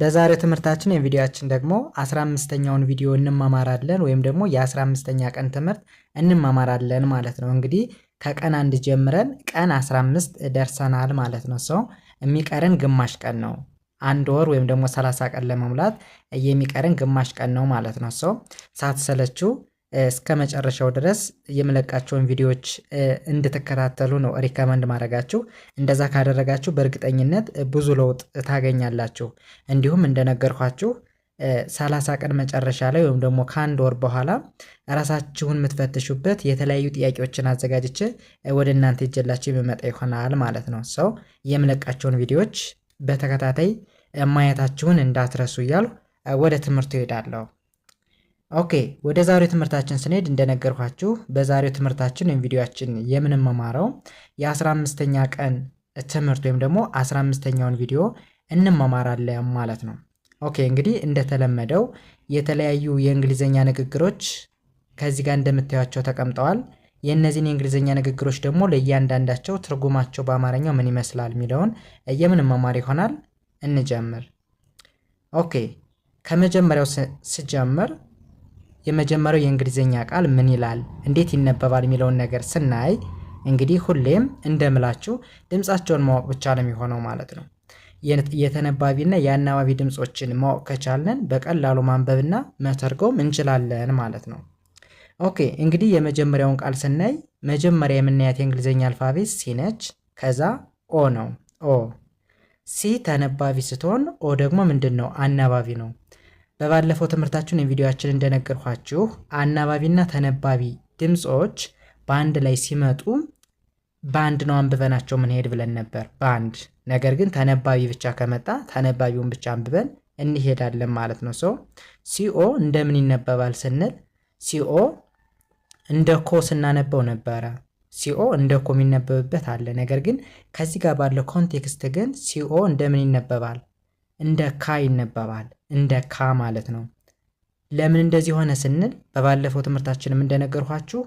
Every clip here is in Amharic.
በዛሬው ትምህርታችን የቪዲዮችን ደግሞ 15ኛውን ቪዲዮ እንማማራለን ወይም ደግሞ የ15ኛ ቀን ትምህርት እንማማራለን ማለት ነው። እንግዲህ ከቀን አንድ ጀምረን ቀን 15 ደርሰናል ማለት ነው። ሰው የሚቀረን ግማሽ ቀን ነው። አንድ ወር ወይም ደግሞ 30 ቀን ለመሙላት የሚቀረን ግማሽ ቀን ነው ማለት ነው። ሰው ሳትሰለችው እስከ መጨረሻው ድረስ የምለቃቸውን ቪዲዮዎች እንድትከታተሉ ነው ሪከመንድ ማድረጋችሁ። እንደዛ ካደረጋችሁ በእርግጠኝነት ብዙ ለውጥ ታገኛላችሁ። እንዲሁም እንደነገርኳችሁ ሰላሳ ቀን መጨረሻ ላይ ወይም ደግሞ ከአንድ ወር በኋላ ራሳችሁን የምትፈትሹበት የተለያዩ ጥያቄዎችን አዘጋጅቼ ወደ እናንተ ይጀላችሁ የሚመጣ ይሆናል ማለት ነው። ሰው የምለቃቸውን ቪዲዮዎች በተከታታይ ማየታችሁን እንዳትረሱ እያሉ ወደ ትምህርቱ ይሄዳለሁ። ኦኬ ወደ ዛሬው ትምህርታችን ስንሄድ እንደነገርኳችሁ በዛሬው ትምህርታችን ወይም ቪዲዮችን የምንመማረው የ15ኛ ቀን ትምህርት ወይም ደግሞ 15ኛውን ቪዲዮ እንመማራለን ማለት ነው። ኦኬ እንግዲህ እንደተለመደው የተለያዩ የእንግሊዝኛ ንግግሮች ከዚህ ጋር እንደምታዩቸው ተቀምጠዋል። የእነዚህን የእንግሊዝኛ ንግግሮች ደግሞ ለእያንዳንዳቸው ትርጉማቸው በአማርኛው ምን ይመስላል የሚለውን የምንመማር ይሆናል። እንጀምር። ኦኬ ከመጀመሪያው ስጀምር የመጀመሪያው የእንግሊዝኛ ቃል ምን ይላል፣ እንዴት ይነበባል የሚለውን ነገር ስናይ እንግዲህ ሁሌም እንደምላችሁ ድምፃቸውን ማወቅ ብቻ ነው የሚሆነው ማለት ነው። የተነባቢና የአናባቢ ድምፆችን ማወቅ ከቻለን በቀላሉ ማንበብና መተርጎም እንችላለን ማለት ነው። ኦኬ እንግዲህ የመጀመሪያውን ቃል ስናይ መጀመሪያ የምናያት የእንግሊዝኛ አልፋቤት ሲ ነች። ከዛ ኦ ነው። ኦ ሲ ተነባቢ ስትሆን ኦ ደግሞ ምንድን ነው? አናባቢ ነው። በባለፈው ትምህርታችን የቪዲዮችን እንደነገርኳችሁ አናባቢና ተነባቢ ድምፆች በአንድ ላይ ሲመጡ በአንድ ነው አንብበናቸው ምንሄድ ብለን ነበር፣ በአንድ ነገር ግን ተነባቢ ብቻ ከመጣ ተነባቢውን ብቻ አንብበን እንሄዳለን ማለት ነው። ሰው ሲኦ እንደምን ይነበባል ስንል ሲኦ እንደ ኮ ስናነበው ነበረ። ሲኦ እንደ ኮ የሚነበብበት አለ። ነገር ግን ከዚህ ጋር ባለው ኮንቴክስት ግን ሲኦ እንደምን ይነበባል እንደ ካ ይነበባል። እንደ ካ ማለት ነው። ለምን እንደዚህ ሆነ ስንል በባለፈው ትምህርታችንም እንደነገርኋችሁ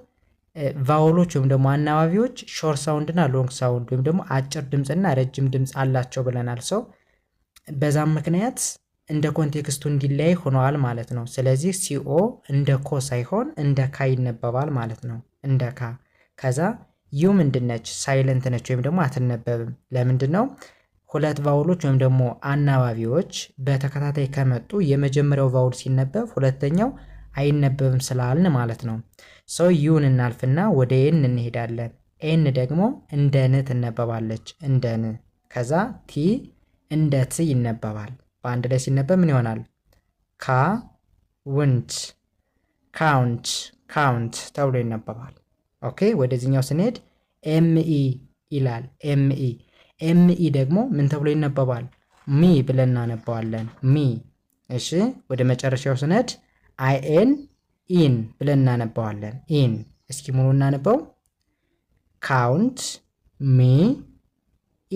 ቫውሎች ወይም ደግሞ አናባቢዎች ሾርት ሳውንድ እና ሎንግ ሳውንድ ወይም ደግሞ አጭር ድምፅና ረጅም ድምፅ አላቸው ብለናል። ሰው በዛም ምክንያት እንደ ኮንቴክስቱ እንዲለያይ ሆነዋል ማለት ነው። ስለዚህ ሲኦ እንደ ኮ ሳይሆን እንደ ካ ይነበባል ማለት ነው። እንደ ካ። ከዛ ዩ ምንድነች? ሳይለንት ነች ወይም ደግሞ አትነበብም። ለምንድን ነው? ሁለት ቫውሎች ወይም ደግሞ አናባቢዎች በተከታታይ ከመጡ የመጀመሪያው ቫውል ሲነበብ ሁለተኛው አይነበብም ስላልን ማለት ነው። ሰው ዩን እናልፍና ወደ ኤን እንሄዳለን። ኤን ደግሞ እንደ ን ትነበባለች፣ እንደ ን። ከዛ ቲ እንደ ት ይነበባል። በአንድ ላይ ሲነበብ ምን ይሆናል? ካ ውንት፣ ካውንት፣ ካውንት ተብሎ ይነበባል። ኦኬ ወደዚህኛው ስንሄድ ኤምኢ ይላል ኤምኢ ኤምኢ ደግሞ ምን ተብሎ ይነበባል? ሚ ብለን እናነባዋለን። ሚ። እሺ፣ ወደ መጨረሻው ስነድ አይኤን ኢን ብለን እናነባዋለን። ኢን። እስኪ ሙሉ እናነበው። ካውንት ሚ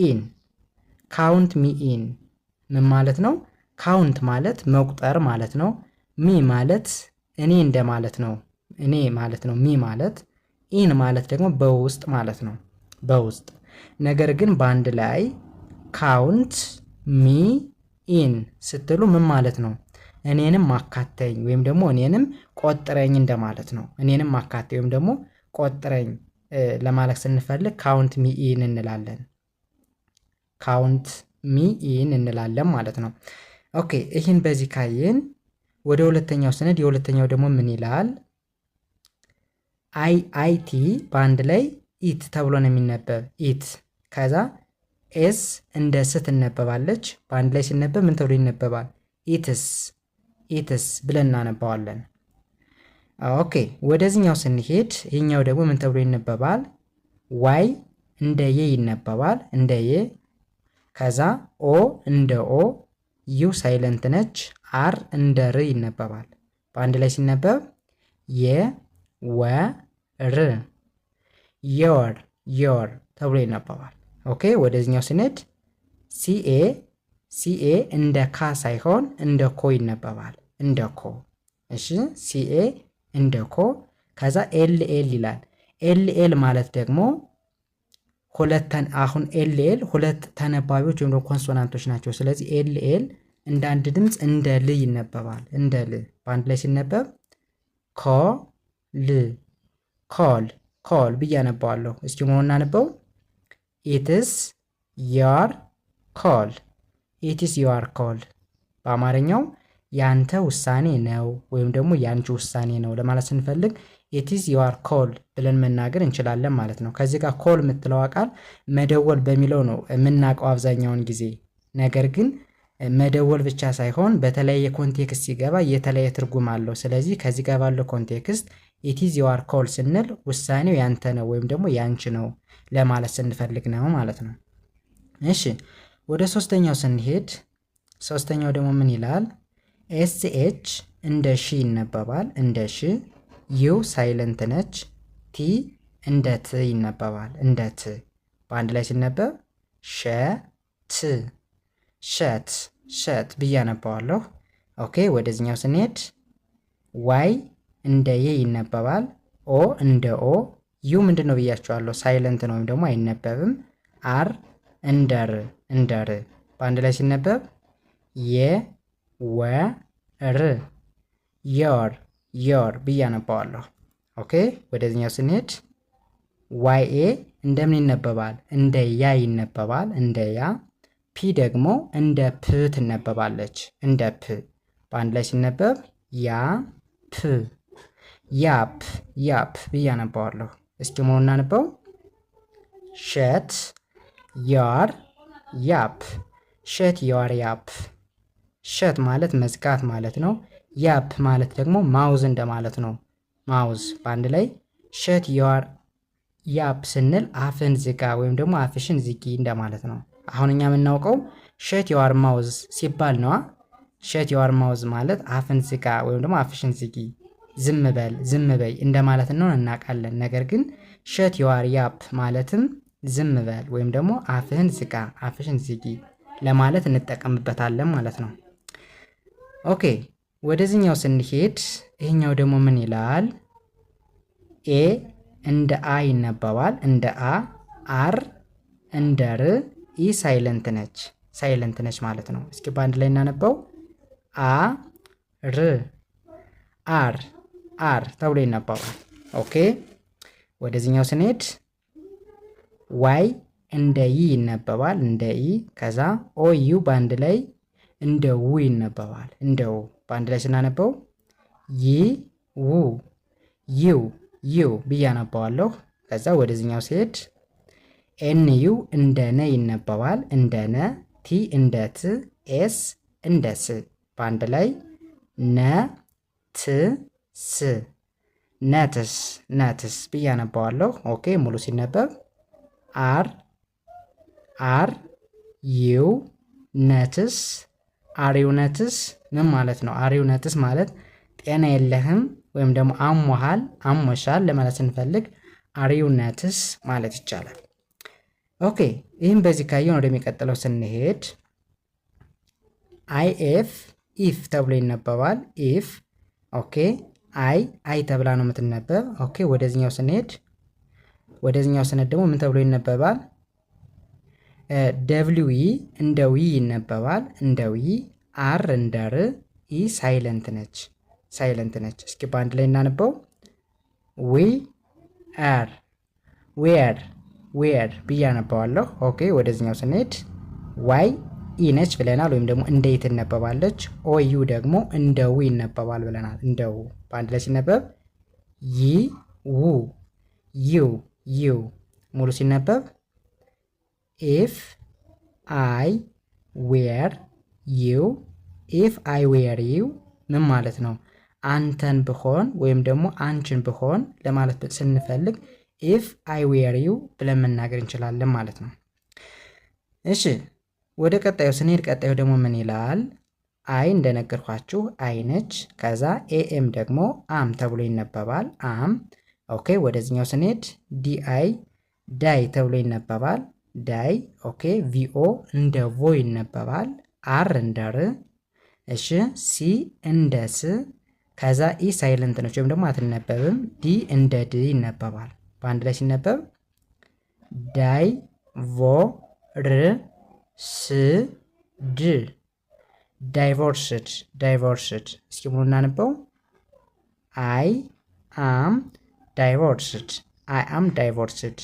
ኢን፣ ካውንት ሚ ኢን። ምን ማለት ነው? ካውንት ማለት መቁጠር ማለት ነው። ሚ ማለት እኔ እንደማለት ነው። እኔ ማለት ነው ሚ ማለት። ኢን ማለት ደግሞ በውስጥ ማለት ነው። በውስጥ ነገር ግን በአንድ ላይ ካውንት ሚ ኢን ስትሉ ምን ማለት ነው? እኔንም ማካተኝ ወይም ደግሞ እኔንም ቆጥረኝ እንደማለት ነው። እኔንም ማካተኝ ወይም ደግሞ ቆጥረኝ ለማለት ስንፈልግ ካውንት ሚ ኢን እንላለን። ካውንት ሚ ኢን እንላለን ማለት ነው። ኦኬ ይህን በዚህ ካየን ወደ ሁለተኛው ስነድ የሁለተኛው ደግሞ ምን ይላል? አይ አይ ቲ በአንድ ላይ ኢት ተብሎ ነው የሚነበብ ኢት። ከዛ ኤስ እንደ ስ ትነበባለች። በአንድ ላይ ሲነበብ ምን ተብሎ ይነበባል? ኢትስ ኢትስ ብለን እናነባዋለን። ኦኬ ወደዚህኛው ስንሄድ ይህኛው ደግሞ ምን ተብሎ ይነበባል? ዋይ እንደ የ ይነበባል፣ እንደ የ። ከዛ ኦ እንደ ኦ፣ ዩ ሳይለንት ነች። አር እንደ ር ይነበባል። በአንድ ላይ ሲነበብ የ ር? ዮር የወር ተብሎ ይነበባል። ኦኬ ወደዚኛው ስንሄድ ሲኤ ሲኤ እንደ ካ ሳይሆን እንደ ኮ ይነበባል። እንደ ኮ እሺ፣ ሲኤ እንደ ኮ። ከዛ ኤል ኤል ይላል። ኤል ኤል ማለት ደግሞ ሁለት አሁን ኤል ኤል ሁለት ተነባቢዎች ወይም ኮንሶናንቶች ናቸው። ስለዚህ ኤል ኤል እንደ አንድ ድምፅ እንደ ል ይነበባል። እንደ ል በአንድ ላይ ሲነበብ ኮ ል ኮል ኮል ብዬ አነባዋለሁ። እስኪ ሆኖ እናነበው። ኢትስ ዮር ኮል፣ ኢትስ ዮር ኮል። በአማርኛው ያንተ ውሳኔ ነው ወይም ደግሞ ያንቺ ውሳኔ ነው ለማለት ስንፈልግ ኢትስ ዮር ኮል ብለን መናገር እንችላለን ማለት ነው። ከዚህ ጋር ኮል የምትለዋ ቃል መደወል በሚለው ነው የምናውቀው አብዛኛውን ጊዜ። ነገር ግን መደወል ብቻ ሳይሆን በተለያየ ኮንቴክስት ሲገባ የተለያየ ትርጉም አለው። ስለዚህ ከዚህ ጋር ባለው ኮንቴክስት ኢቲዝ ዮር ኮል ስንል ውሳኔው ያንተ ነው ወይም ደግሞ ያንቺ ነው ለማለት ስንፈልግ ነው ማለት ነው። እሺ ወደ ሶስተኛው ስንሄድ ሶስተኛው ደግሞ ምን ይላል? ኤስኤች እንደ ሺ ይነበባል። እንደ ሺ ዩ ሳይለንት ነች። ቲ እንደ ት ይነበባል። እንደ ት በአንድ ላይ ሲነበብ ሸ ት ሸት ሸት ብዬ አነባዋለሁ። ኦኬ ወደዚኛው ስንሄድ ዋይ እንደ የ ይነበባል። ኦ እንደ ኦ። ዩ ምንድን ነው ብያቸዋለሁ፣ ሳይለንት ነው ወይም ደግሞ አይነበብም። አር እንደ ር እንደ ር በአንድ ላይ ሲነበብ የ ወ የወር የወር ብዬ አነባዋለሁ። ኦኬ ወደዚኛው ስንሄድ ዋይ ኤ እንደምን ይነበባል? እንደ ያ ይነበባል። እንደ ያ ፒ ደግሞ እንደ ፕ ትነበባለች። እንደ ፕ በአንድ ላይ ሲነበብ ያ ፕ ያፕ ያፕ ብዬ አነባዋለሁ። እስኪ ሞ እናንበው። ሸት ያር ያፕ ሸት ያር ያፕ። ሸት ማለት መዝጋት ማለት ነው። ያፕ ማለት ደግሞ ማውዝ እንደማለት ነው። ማውዝ በአንድ ላይ ሸት ያር ያፕ ስንል አፍን ዝጋ ወይም ደግሞ አፍሽን ዝጊ እንደማለት ነው። አሁን እኛ የምናውቀው ሸት ያር ማውዝ ሲባል ነዋ። ሸት ያር ማውዝ ማለት አፍን ዝጋ ወይም ደግሞ አፍሽን ዝጊ ዝም በል ዝም በይ እንደማለት እንደሆነ እናውቃለን። ነገር ግን ሸት ዩዋር ያፕ ማለትም ዝም በል ወይም ደግሞ አፍህን ዝጋ፣ አፍሽን ዝጊ ለማለት እንጠቀምበታለን ማለት ነው። ኦኬ ወደዚህኛው ስንሄድ ይህኛው ደግሞ ምን ይላል? ኤ እንደ አ ይነበባል፣ እንደ አ። አር እንደ ር። ኢ ሳይለንት ነች፣ ሳይለንት ነች ማለት ነው። እስኪ በአንድ ላይ እናነበው። አ ር አር አር ተብሎ ይነበባል። ኦኬ ወደዚኛው ስንሄድ ዋይ እንደ ይ ይነበባል። እንደ ኢ ከዛ ኦ ዩ በአንድ ላይ እንደ ው ይነበባል። እንደ ው በአንድ ላይ ስናነበው ይ ው ዩው ዩው ብዬ አነባዋለሁ። ከዛ ወደዚህኛው ስሄድ ኤን ዩ እንደ ነ ይነበባል። እንደ ነ ቲ እንደ ት ኤስ እንደ ስ በአንድ ላይ ነ ት ስ ነትስ ነትስ ብዬ አነባዋለሁ። ኦኬ ሙሉ ሲነበብ አር አር ዩ ነትስ አሪው ነትስ ምን ማለት ነው? አሪው ነትስ ማለት ጤና የለህም ወይም ደግሞ አሞሃል አሞሻል ለማለት ስንፈልግ አሪው ነትስ ማለት ይቻላል። ኦኬ ይህም በዚህ ካየን ወደሚቀጥለው ስንሄድ አይኤፍ ኢፍ ተብሎ ይነበባል። ኢፍ ኦኬ አይ አይ ተብላ ነው የምትነበብ። ኦኬ ወደዚኛው ስንሄድ ወደዚኛው ስንሄድ ደግሞ ምን ተብሎ ይነበባል? ደብሊው እንደ ዊ ይነበባል። እንደ ዊ፣ አር እንደ ር፣ ኢ ሳይለንት ነች ሳይለንት ነች። እስኪ በአንድ ላይ እናነበው። ዊ አር ዌር ዌር ብዬ አነባዋለሁ። ኦኬ ወደዚኛው ስንሄድ ዋይ ኢ ነች ብለናል፣ ወይም ደግሞ እንደ ኢ ትነበባለች። ኦዩ ደግሞ እንደ ዊ ይነበባል ብለናል እንደው በአንድ ላይ ሲነበብ ይ ው ዩ ዩ ሙሉ ሲነበብ ኢፍ አይ ዌር ዩ ኢፍ አይ ዌር ዩ ምን ማለት ነው? አንተን ብሆን ወይም ደግሞ አንቺን ብሆን ለማለት ስንፈልግ ኢፍ አይ ዌር ዩ ብለን መናገር እንችላለን ማለት ነው። እሺ ወደ ቀጣዩ ስንሄድ ቀጣዩ ደግሞ ምን ይላል? አይ እንደነገርኳችሁ አይ ነች። ከዛ ኤኤም ደግሞ አም ተብሎ ይነበባል። አም ኦኬ። ወደዚኛው ስንሄድ ዲአይ ዳይ ተብሎ ይነበባል። ዳይ ኦኬ። ቪኦ እንደ ቮ ይነበባል። አር እንደ ር እሺ። ሲ እንደ ስ ከዛ ኢ ሳይለንት ነች ወይም ደግሞ አትነበብም። ዲ እንደ ድ ይነበባል። በአንድ ላይ ሲነበብ ዳይ ቮ ር ስ ድ ዳይቨርስድ ዳይቨርስድ እስኪ ሙሉ እናነበው አይ አም ዳይቨርስድ አይ አም ዳይቨርስድ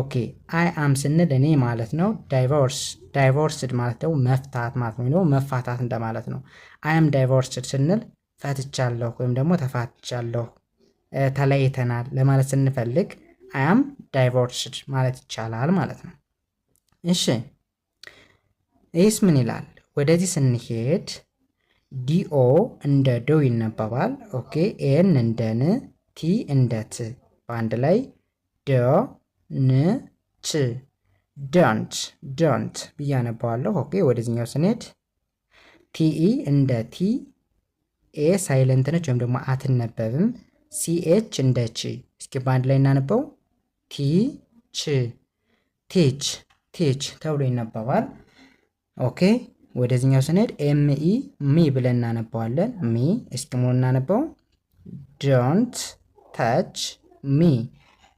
ኦኬ አይ አም ስንል እኔ ማለት ነው። ዳይቨርስ ዳይቨርስድ ማለት ደግሞ መፍታት ማለት ነው፣ ወይም መፋታት እንደማለት ነው። አይ አም ዳይቨርስድ ስንል ፈትቻለሁ ወይም ደግሞ ተፋትቻለሁ፣ ተለይተናል ለማለት ስንፈልግ አይ አም ዳይቨርስድ ማለት ይቻላል ማለት ነው። እሺ ይህስ ምን ይላል? ወደዚህ ስንሄድ ዲኦ እንደ ዶው ይነበባል። ኦኬ ኤን እንደ ን፣ ቲ እንደ ት በአንድ ላይ ደ ን ች ዶንት ዶንት ብዬ አነባዋለሁ። ኦኬ ወደዚህኛው ስንሄድ ቲኢ እንደ ቲ፣ ኤ ሳይለንት ነች ወይም ደግሞ አትነበብም። ሲኤች እንደ ቺ። እስኪ በአንድ ላይ እናነበው ቲ ች ቲች ቲች ተብሎ ይነበባል። ኦኬ ወደዚህኛው ስንሄድ ኤምኢ ሚ ብለን እናነባዋለን። ሚ እስኪ ሙሉ እናነባው። ዶንት ተች ሚ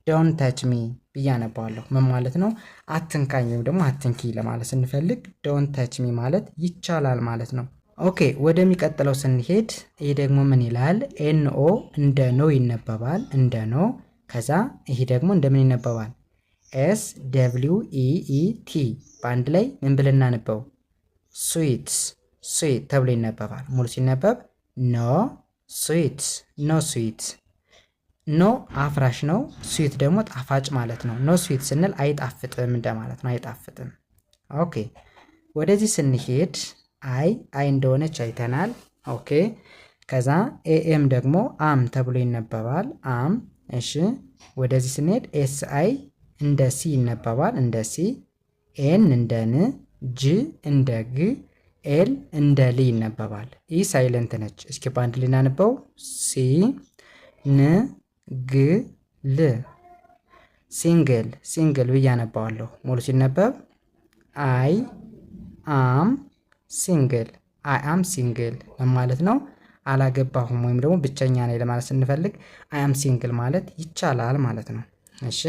ዶንት ተች ሚ ብዬ አነባዋለሁ። ምን ማለት ነው? አትንካኝ ወይም ደግሞ አትንኪ ለማለት ስንፈልግ ዶንት ተች ሚ ማለት ይቻላል ማለት ነው። ኦኬ ወደሚቀጥለው ስንሄድ ይህ ደግሞ ምን ይላል? ኤንኦ እንደ ኖ ይነበባል፣ እንደ ኖ። ከዛ ይሄ ደግሞ እንደምን ይነበባል? ኤስ ደብሊው ኢ ኢ ቲ በአንድ ላይ ምን ብለን እናነበው? ስዊትስ ስዊት ተብሎ ይነበባል። ሙሉ ሲነበብ ኖ ስዊትስ ኖ ስዊትስ። ኖ አፍራሽ ነው፣ ስዊት ደግሞ ጣፋጭ ማለት ነው። ኖ ስዊት ስንል አይጣፍጥም እንደማለት ነው። አይጣፍጥም። ኦኬ ወደዚህ ስንሄድ አይ አይ እንደሆነች አይተናል። ኦኬ ከዛ ኤኤም ደግሞ አም ተብሎ ይነበባል። አም እሺ። ወደዚህ ስንሄድ ኤስ አይ እንደ ሲ ይነበባል። እንደ ሲ ኤን እንደ ን ጅ እንደ ግ፣ ኤል እንደ ል ይነበባል። ይህ ሳይለንት ነች። እስኪ በአንድ ልናንበው ሲ ን ግ ል ሲንግል ሲንግል ብዬ አነባዋለሁ። ሙሉ ሲነበብ አይ አም ሲንግል አይ አም ሲንግል ማለት ነው። አላገባሁም ወይም ደግሞ ብቸኛ ነኝ ለማለት ስንፈልግ አይ አም ሲንግል ማለት ይቻላል ማለት ነው። እሺ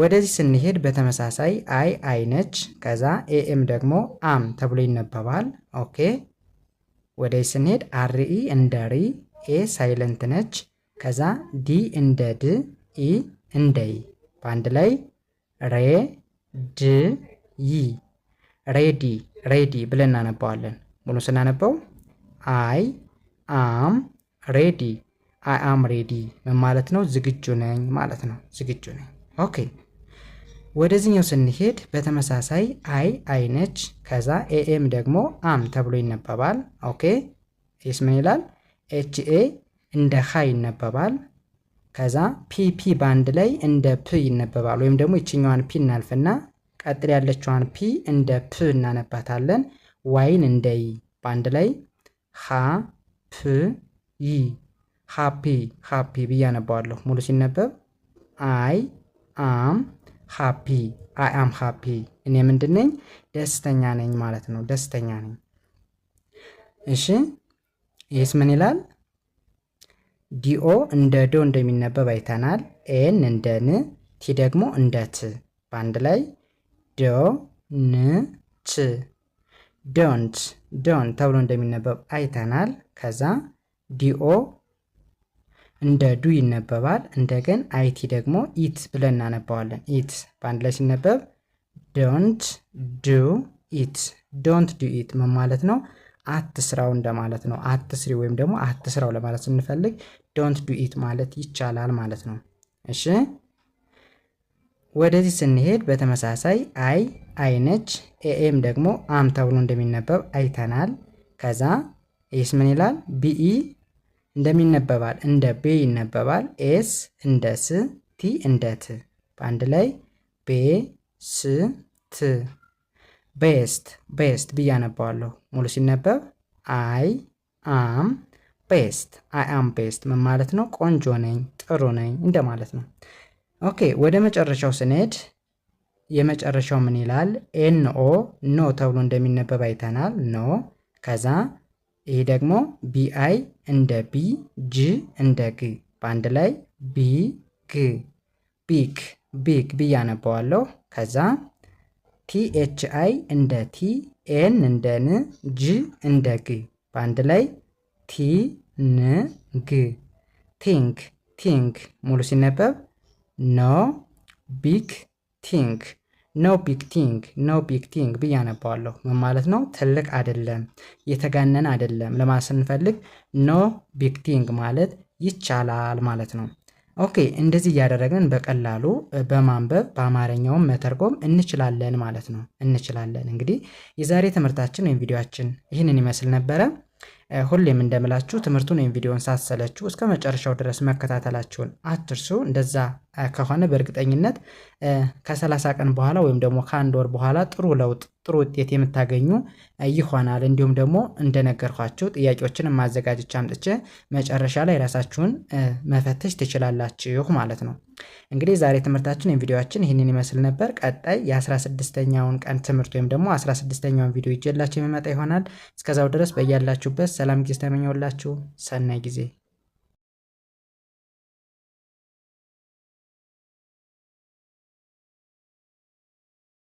ወደዚህ ስንሄድ በተመሳሳይ አይ አይ ነች። ከዛ ኤኤም ደግሞ አም ተብሎ ይነበባል። ኦኬ ወደዚህ ስንሄድ አርኢ እንደ ሪ፣ ኤ ሳይለንት ነች። ከዛ ዲ እንደ ድ፣ ኢ እንደ ይ በአንድ ላይ ሬ ድ ይ ሬዲ ሬዲ ብለን እናነባዋለን። ሙሉ ስናነበው አይ አም ሬዲ አይ አም ሬዲ ምን ማለት ነው? ዝግጁ ነኝ ማለት ነው። ዝግጁ ነኝ። ኦኬ ወደዚህኛው ስንሄድ በተመሳሳይ አይ አይ ነች። ከዛ ኤኤም ደግሞ አም ተብሎ ይነበባል። ኦኬ ይስ ምን ይላል? ኤች ኤ እንደ ሀ ይነበባል። ከዛ ፒ ፒ በአንድ ላይ እንደ ፕ ይነበባል። ወይም ደግሞ ይችኛዋን ፒ እናልፍና ቀጥል ያለችዋን ፒ እንደ ፕ እናነባታለን። ዋይን እንደ ይ በአንድ ላይ ሀ ፕ ይ ሃፒ ሃፒ ብዬ አነባዋለሁ። ሙሉ ሲነበብ አይ አም ሃፒ አይ አም ሃፒ እኔ ምንድን ነኝ? ደስተኛ ነኝ ማለት ነው። ደስተኛ ነኝ። እሺ ይህስ ምን ይላል? ዲኦ እንደ ዶ እንደሚነበብ አይተናል። ኤን እንደ ን፣ ቲ ደግሞ እንደ ት። በአንድ ላይ ዶ ን ች ዶንት ዶን ተብሎ እንደሚነበብ አይተናል። ከዛ ዲኦ እንደ ዱ ይነበባል። እንደገን አይቲ ደግሞ ኢት ብለን እናነባዋለን። ኢት በአንድ ላይ ሲነበብ ዶንት ዱ ኢት፣ ዶንት ዱ ኢት ምን ማለት ነው? ስራው እንደማለት ነው። ስሪ ወይም ደግሞ ስራው ለማለት ስንፈልግ ዶንት ዱ ኢት ማለት ይቻላል ማለት ነው። እሺ ወደዚህ ስንሄድ በተመሳሳይ አይ አይ ነች። ኤኤም ደግሞ አም ተብሎ እንደሚነበብ አይተናል። ከዛ ይህስ ምን ይላል? ቢኢ እንደሚነበባል እንደ ቤ ይነበባል። ኤስ እንደ ስ፣ ቲ እንደ ት በአንድ ላይ ቤ ስ ት ቤስት ቤስት ብዬ አነባዋለሁ። ሙሉ ሲነበብ አይ አም ቤስት አይ አም ቤስት ምን ማለት ነው? ቆንጆ ነኝ፣ ጥሩ ነኝ እንደማለት ነው። ኦኬ ወደ መጨረሻው ስንሄድ የመጨረሻው ምን ይላል? ኤንኦ ኖ ተብሎ እንደሚነበብ አይተናል። ኖ ከዛ ይህ ደግሞ ቢአይ እንደ ቢ ጂ እንደ ግ በአንድ ላይ ቢ ግ ቢግ ቢግ ብዬ አነባዋለሁ። ከዛ ቲኤች አይ እንደ ቲ ኤን እንደ ን ጂ እንደ ግ በአንድ ላይ ቲ ን ግ ቲንግ ቲንግ ሙሉ ሲነበብ ኖ ቢግ ቲንግ ኖ ቢግ ቲንግ ኖ ቢግ ቲንግ ብዬ አነባዋለሁ። ምን ማለት ነው? ትልቅ አይደለም፣ የተጋነን አይደለም ለማለት ስንፈልግ ኖ ቢግ ቲንግ ማለት ይቻላል ማለት ነው። ኦኬ እንደዚህ እያደረግን በቀላሉ በማንበብ በአማርኛውም መተርጎም እንችላለን ማለት ነው። እንችላለን እንግዲህ የዛሬ ትምህርታችን ወይም ቪዲዮአችን ይህንን ይመስል ነበረ። ሁሌም እንደምላችሁ ትምህርቱን ወይም ቪዲዮን ሳሰለችሁ እስከ መጨረሻው ድረስ መከታተላችሁን አትርሱ። እንደዛ ከሆነ በእርግጠኝነት ከሰላሳ ቀን በኋላ ወይም ደግሞ ከአንድ ወር በኋላ ጥሩ ለውጥ፣ ጥሩ ውጤት የምታገኙ ይሆናል። እንዲሁም ደግሞ እንደነገርኳችሁ ጥያቄዎችን ማዘጋጀች አምጥቼ መጨረሻ ላይ ራሳችሁን መፈተሽ ትችላላችሁ ማለት ነው። እንግዲህ ዛሬ ትምህርታችን ወይም ቪዲዮችን ይህንን ይመስል ነበር። ቀጣይ የ16ኛውን ቀን ትምህርት ወይም ደግሞ 16ኛውን ቪዲዮ ይጀላችሁ የሚመጣ ይሆናል። እስከዛው ድረስ በያላችሁበት ሰላም ጊዜ ተመኘሁላችሁ። ሰናይ ጊዜ